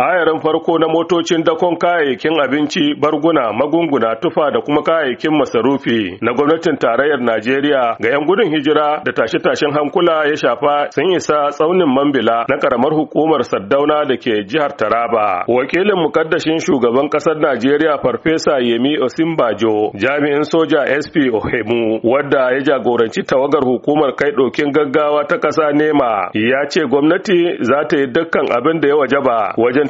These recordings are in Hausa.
ayarin farko na motocin dakon kayayyakin abinci barguna magunguna tufa da kuma kayayyakin masarufi na gwamnatin tarayyar najeriya ga 'yan gudun hijira da tashe-tashen hankula ya shafa sun isa tsaunin mambila na karamar hukumar saddauna da ke jihar taraba wakilin mukaddashin shugaban kasar najeriya farfesa yemi osimbajo jami'in soja sp ohemu wadda ya jagoranci tawagar hukumar kai ɗokin gaggawa ta ƙasa nema ya ce gwamnati za ta yi dukkan abin da ya wajaba wajen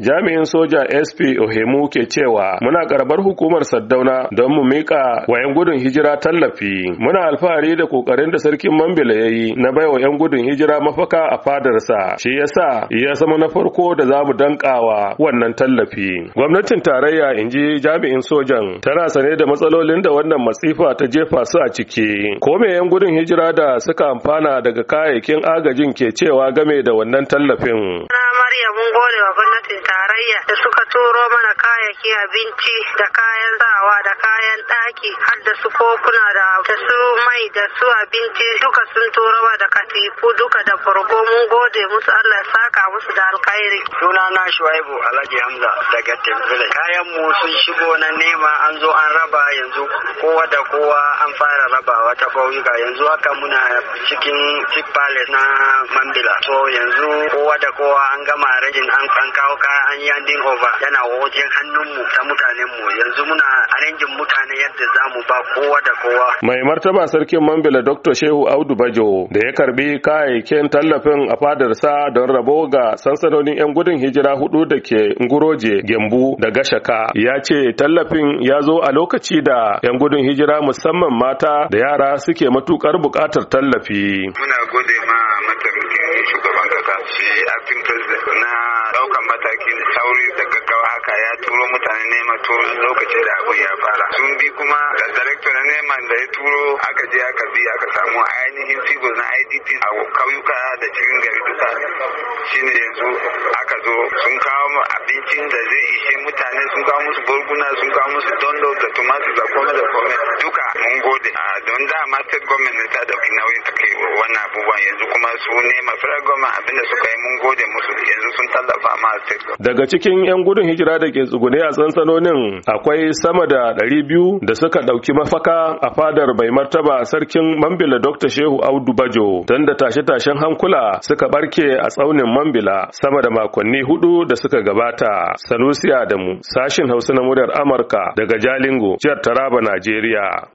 Jami'in soja SP Ohemu ke cewa muna karbar hukumar Saddauna don mu mika wa 'yan gudun hijira tallafi. Muna alfahari da kokarin da sarkin Mambila ya yi na baiwa 'yan gudun hijira mafaka a fadarsa. Shi yasa ya zama na farko da za mu dankawa wannan tallafi. Gwamnatin tarayya in ji jami'in sojan tana sane da matsalolin da wannan masifa ta jefa su a ciki. Ko me 'yan gudun hijira da suka amfana daga kayayyakin agajin ke cewa game da wannan tallafin. tarayya mun gode wa gwamnatin tarayya da suka turo mana kayayyaki abinci da kayan sawa da kayan ɗaki har da su kokuna da da su mai da su abinci duka sun turo wa da katifu duka da burgo mun gode musu Allah ya saka musu da alkhairi. Suna na Shuaibu Alhaji Hamza daga Tembele. Kayan mu sun shigo na nema an zo an raba yanzu kowa da kowa an fara rabawa ta kauyuka yanzu haka muna cikin tip Palace na Mambila. So yanzu kowa da kowa an gama rajin an an kawo kaya an yi handing over yana wajen hannunmu ta mutanenmu yanzu muna arinjin mutane yadda za mu ba kowa da kowa. Mai martaba sarkin Mambila Dr. Shehu Audu Bajo da ya karbi kayayyakin tallafin a fadarsa don rabo ga sansanonin 'yan gudun hijira hudu da ke Nguroje, Gembu da Gashaka ya ce tallafin ya zo a lokaci da 'yan gudun hijira musamman mata da yara suke matukar buƙatar tallafi. Muna gode ma shugaban kasa shi acting president na daukan matakin sauri da gaggawa haka ya turo mutane neman tun lokacin da abun ya fara sun bi kuma chairman da ya turo aka je aka bi aka samu ainihin figures na idp a kauyuka da cikin gari duka shine yanzu aka zo sun kawo abincin da zai ishe mutane sun kawo musu borguna sun kawo musu dondo da tumatur da kome da kome duka mun gode a don dama state government ta dauki nauyin ta kai wannan abubuwan yanzu kuma su nema federal government abinda suka yi mun gode musu yanzu sun tallafa ma state daga cikin yan gudun hijira da ke tsugune a sansanonin akwai sama da 200 da suka dauki mafaka a fadar bai martaba sarkin Mambila Dr. Shehu Audu Bajo don tashe-tashen hankula suka barke a tsaunin Mambila sama da makonni hudu da suka gabata. Sanusi Adamu, sashin Hausa na muryar Amurka daga Jalingo, jihar Taraba, Najeriya.